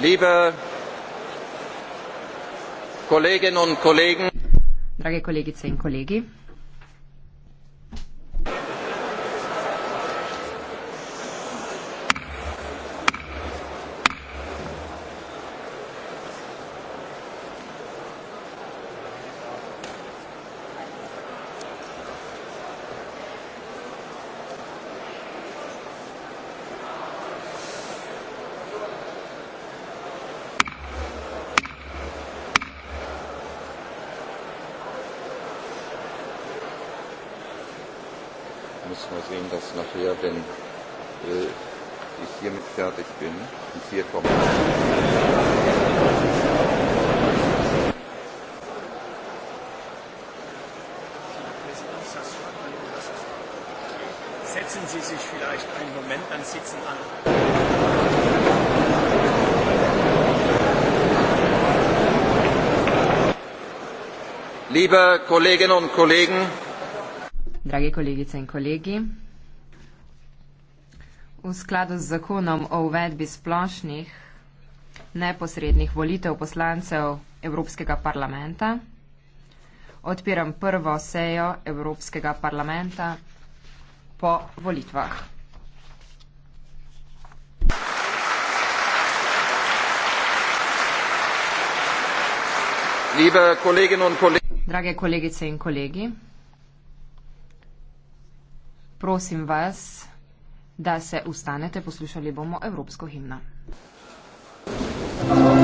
Liebe Kolleginnen und Kollegen, drage kolegice in kolegi. muss mal sehen, dass nachher, wenn äh, ich hiermit fertig bin, und um hier kommt. Setzen Sie sich vielleicht einen Moment, dann sitzen an. Liebe Kolleginnen und Kollegen, Dragi kolegice in kolegi, v skladu z zakonom o uvedbi splošnih neposrednih volitev poslancev Evropskega parlamenta odpiram prvo sejo Evropskega parlamenta po volitvah. Drage kolegice in kolegi, Prosim vas, da se ustanete, poslušali bomo evropsko himno. Hvala.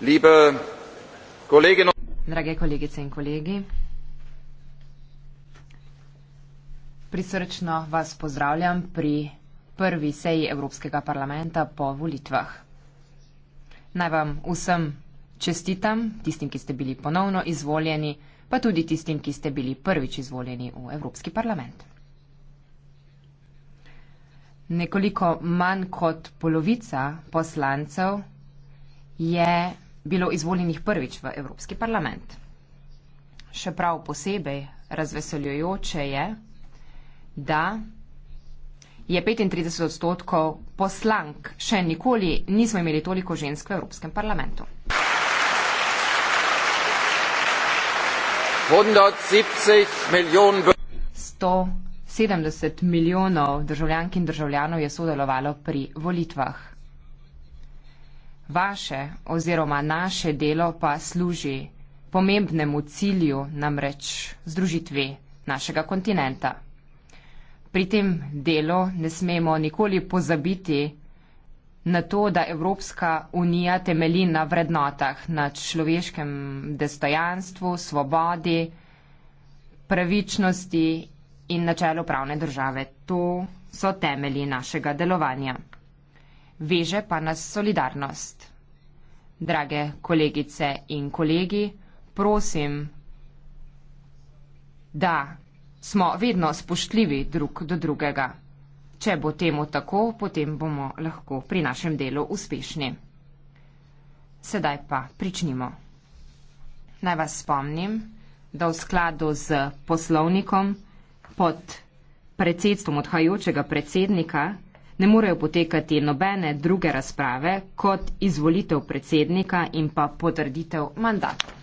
liebe Kolleginnen und Kollegen. Drage kolegice in kolegi. Prisrčno vas pozdravljam pri prvi seji Evropskega parlamenta po volitvah. Naj vam vsem čestitam, tistim, ki ste bili ponovno izvoljeni, pa tudi tistim, ki ste bili prvič izvoljeni v Evropski parlament. Nekoliko manj kot polovica poslancev je bilo izvoljenih prvič v Evropski parlament. Še prav posebej razveseljujoče je, da je 35 odstotkov poslank, še nikoli nismo imeli toliko žensk v Evropskem parlamentu. 170 milijonov državljank in državljanov je sodelovalo pri volitvah vaše oziroma naše delo pa služi pomembnemu cilju, namreč združitvi našega kontinenta. Pri tem delu ne smemo nikoli pozabiti na to, da Evropska unija temelji na vrednotah, na človeškem dostojanstvu, svobodi, pravičnosti in načelu pravne države. To so temelji našega delovanja veže pa nas solidarnost. Drage kolegice in kolegi, prosim, da smo vedno spoštljivi drug do drugega. Če bo temu tako, potem bomo lahko pri našem delu uspešni. Sedaj pa pričnimo. Naj vas spomnim, da v skladu z poslovnikom pod predsedstvom odhajajočega predsednika ne morejo potekati nobene druge razprave kot izvolitev predsednika in pa potrditev mandata.